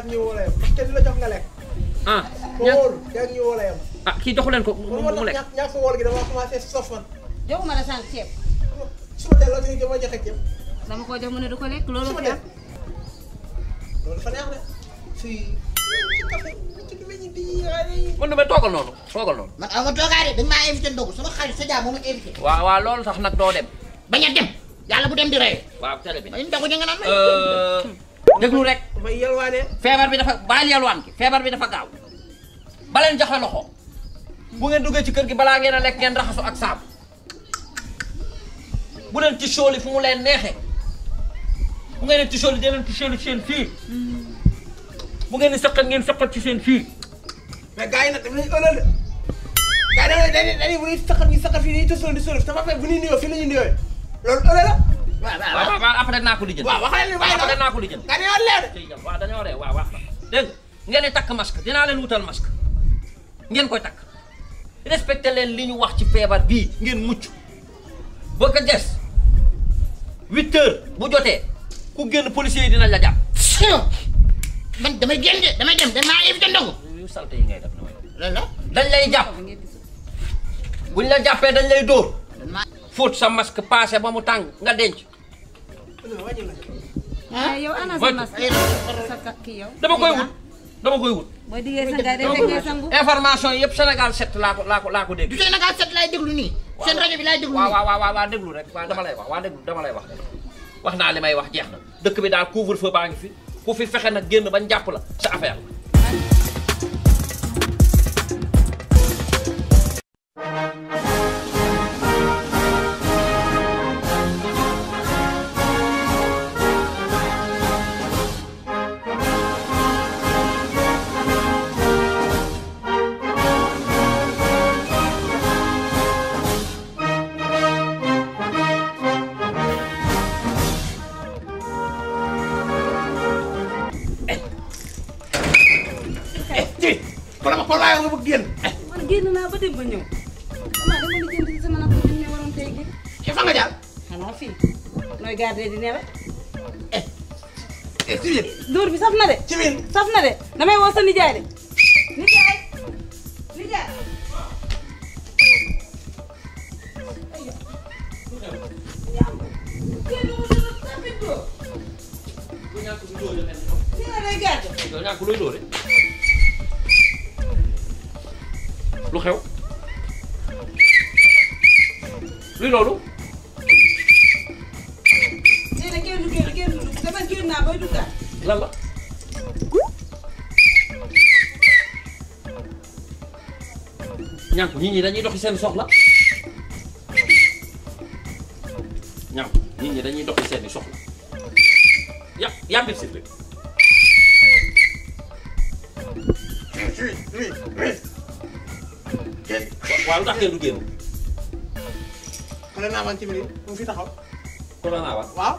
yaa ngi ñëw wala yam te du la jox nga lekk. ah ña ko wóolu yaa ngi ñëw wala yam. ah kii joxu leen ko mu mu lekk ña ko wóol gi ne du ko lekk loolu fi am. loolu fa neex de fii. mën na ma toogal noonu toogal noonu. man a ma toogaaree dañ maa invité ndogu sama xarit sa jaa moom la invité. waaw waaw loolu sax nag doo dem. bañ a dem yàlla bu dem di rey. waaw télé bi. ndogu ñu nga naan déglu rek. may yalwaane. feebar bi dafa baal yalwaan feebar bi dafa gaaw baleen joxe loxo bu ngeen duggee ci kër gi balaa ngeen a lekk ngeen raxasu ak saabu bu leen tisooli fu mu leen neexee bu ngeen di tisooli dee leen tisooli ci seen fii bu ngeen di saqal ngeen saqal ci seen fii. mais gars yi nag daf lay ëllëg de gars yi dañuy dañuy bu ñuy saqal ñu saqal fii dañuy tisooli sama fay bu ñuy nuyoo fii la ñuy nuyoo loolu ëllëg la. waaw waaw après naa ko lijjanti. waaw waxal li waaye après naa ko lijjanti. dañoo leer waaw dañoo leer ngeen di takk dinaa leen wutal masque ngeen koy takk respecté leen li ñu wax ci feebar bii ngeen mucc boo ko des huit heures bu jotee ku génn policier yi dinañ la jàpp. man damay génn de damay dem damaa éviter ndogu. yu salte yi ngay def loolu la. dañ lay jàpp buñ la jàppee dañ lay dóor. fóot sa masque passé ba mu tàng nga denc. ah eh, yow ana eh, sa sa kii yow. dama koy wut dama koy wut. boo diggee sa ngay def yëpp Sénégal 7 laa ko laa ko laa ko dégg. du nii. seen rajo bi laay déglu nii waaw waaw rek waa dama lay wax waaw déglu dama lay wax. wax naa li may wax jeex na dëkk bi daal couvre feu baa ngi fi ku fi fexe na génn bañ jàpp la sa kon dama ko laajoo nga bëgg génn. Eh, man génn naa ba dem ba ñëw. xam naa dama lijjanti si sama natt bi ñu ne waroon tey gi. eh fa nga jaar. xanaa fii nooy gardé di ne rek. eh eh ci biir. dóor bi saf na de. ci biir saf na de damay woo sa nijaay de. nijaay nijaay. yaa ngi ko. luy loolu. nee na kenn génn kenn dugg dama génn naa bay duggaat. lan la. ñàkk nit ñi dañuy doxi seen soxla. ñàkk nit ñi dañuy doxi seen i soxla. ya yaa ngi biir waaw lu tax kenn du génn. naa man ci biir mu fi taxaw. Kona naa waaw.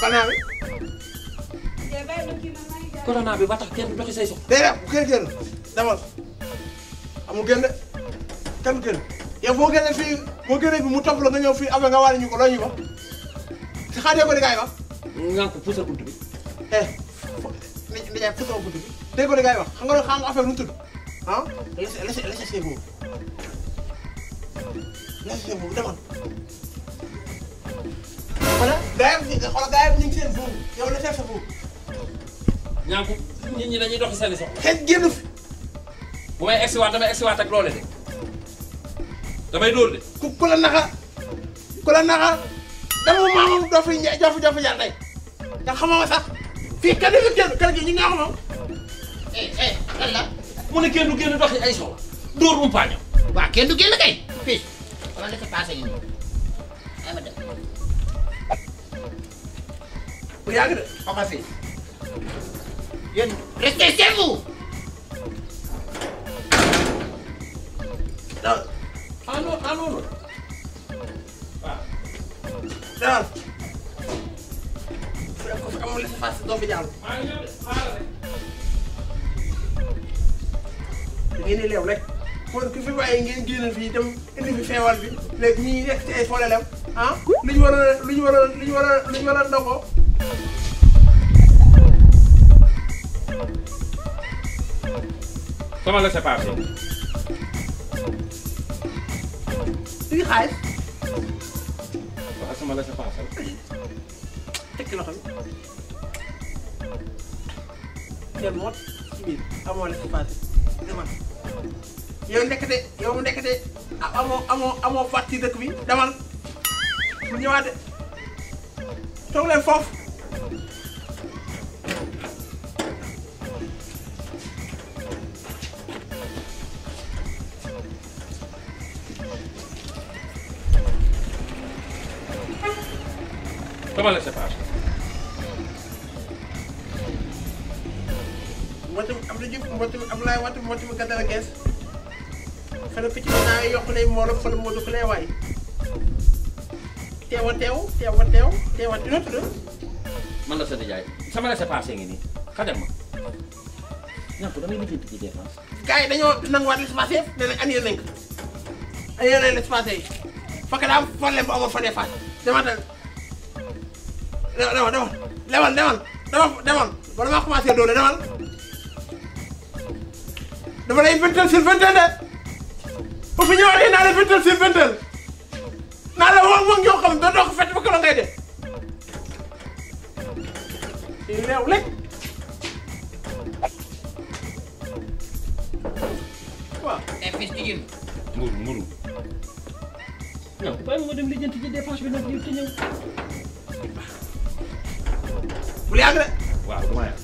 Kona bi. Kona bi ba tax kenn doxi say soxla. day def kenn génn demal amul génn kenn génn yow boo génnee fii boo génnee bi mu topp la nga ñëw fii après nga wàll ñu ko loo ñu wax si xaar ko di gaay wax. nga ko puusal buntu bi. eh li jaay puusal buntu bi dégg ko di gaay wax nga loolu xam nga affaire bi nu mu tudd ah laaj leen moom demal. xoolal dayam ñu xoolal dayam ñu ngi seen buur yow la teg sa buur. ñaanku nit ñi dañuy dox seen i soxla. xëy génn fi. bu may egsiwaat damay egsiwaat ak loole de damay dóor de. ku ku la naxa ku la naxa dama maamoon doo fi ña doo fi jaar tey nga xamoo sax fii kenn du génn kër gi ñu nga xamoo. eh eh lan la. mu ne kenn du génn dox ay soxla dóor mu paañam. waa kenn du génn kay. wala li fi paase ñu ñëw ay ma dem. bu yàgg de xoolal fii yéen restez chez vous. daal ah non ah non non waaw daal bu dee ko fi amul li fi paase doo fi jàll. da ngeen di leew rek. kon ku fi bàyyi ngeen génn fii dem indi fi feewal bi léegi ñuy nekk ci ay problème ah lu ñu war a lu ñu war a lu ñu war a lu ñu war a ndogoo sama la séparation. fii xaalis. waaw sama la séparation. tekki loxo bi. jël mot ci biir amoo la séparation. yow ndekete yow mu ndekete amoo amoo amoo fàtti bi demal mu ñëwaat de toog leen foofu Toma la séparé. Mbootum am na jub mbootum Abdoulaye Wade mbootum Gadara Guèye. xanaa picc mën naa yokk lay moolom xanaa moo dugg lay waay teewa teew man la sa nijaay sama laissez-passer ngi nii xajal ma ñàkk damay lijjanti yi dañoo nanguwaat laissez-passer yëpp nee nañ annulé nañ ko annulé nañ laissez-passer yi fekk daa am problème bu amoon fa ne faat dematal demal demal demal demal demal maa commencé doole demal dama lay vingt sur de. ba bu naa la fëttal si fëttal naa la wax moom ñoo xam ko fett ba keroog ngay def il leew lekk waaw. tey eh, fii ci jën. mburu mburu. non bàyyi ma dem lijjanti ci dépense bi nag ñu ci ñëw. bul yàgg rek. waaw dama yàgg.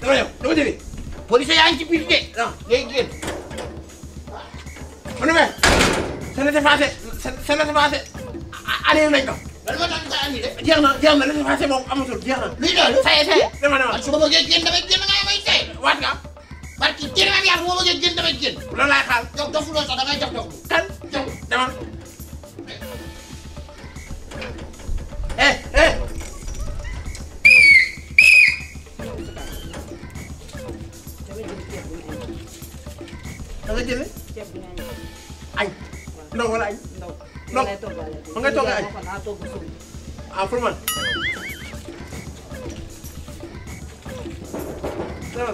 dama yow dama jëlee. police yaa ngi ci biir de. ah ngay génn. mu ne mais sa laissez passer sa sa laissez passer annulé nañ ko. bala ma tax nga annulé. jeex na jeex na laissez passer moom amatul jeex na. luy loolu. sa yee sa yee dama dama. waaw su ma bëggee génn damay génn ngaa may tey. waat nga. parce que génn ak yàlla bu ma bëggee génn damay génn. loolu laay xaar. donc dofu loolu sax dangay jox dofu. kan jofu dama. naa togg suuf. ah pour man. dara.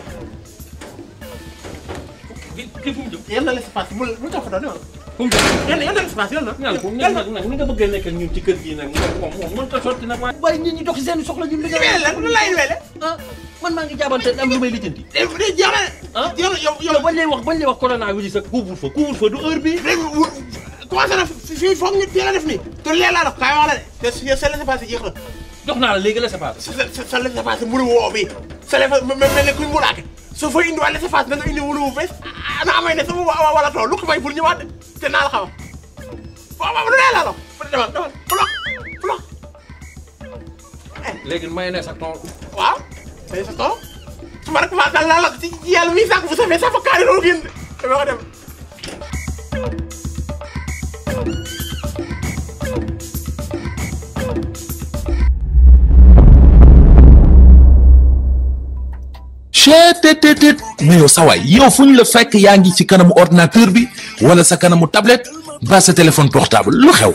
kii kii fu mu jëm. yal na l'espace bu bu tax doon yoon. fu mu jëm yal na yal na l'espace yal na. yal na nag ni nga bëgg a nekk ak ñun ci kër gii nag moom moom mënut a sotti nag. bu bari nit ñi dox seen soxla ñun. liggéey wele la lu lay wele. ah man maa ngi jaabante am lu may lijjanti. déedéet eh, eh, ah? yow yow yow bañ lay wax bañ lay wax coronavirus ak couvre-feu couvre-feu du heure bii. commencé na fii foog nit fii la def nii te lee kaay wax la de te sa laissez-passer jeex na jox naa la léegi laissez-passer sa sa laissez-passer mulu woo bi sa laissez mel ah, ne kuy mbulaate soo fa indi waa too lu ko may pour te naa la xamal waaw waaw lu lee laa la wax demal demal bloc bloc eh. may ne sa tool waaw may sa tool su ma rek ma dal laa la ci yàlla mi fa kaari loolu génn dama ko dem tët tët tët mais yow sa waay fu ñu la fekk yaa ngi ci kanamu ordinateur bi wala sa kanamu tablette ba sa téléphone portable lu xew.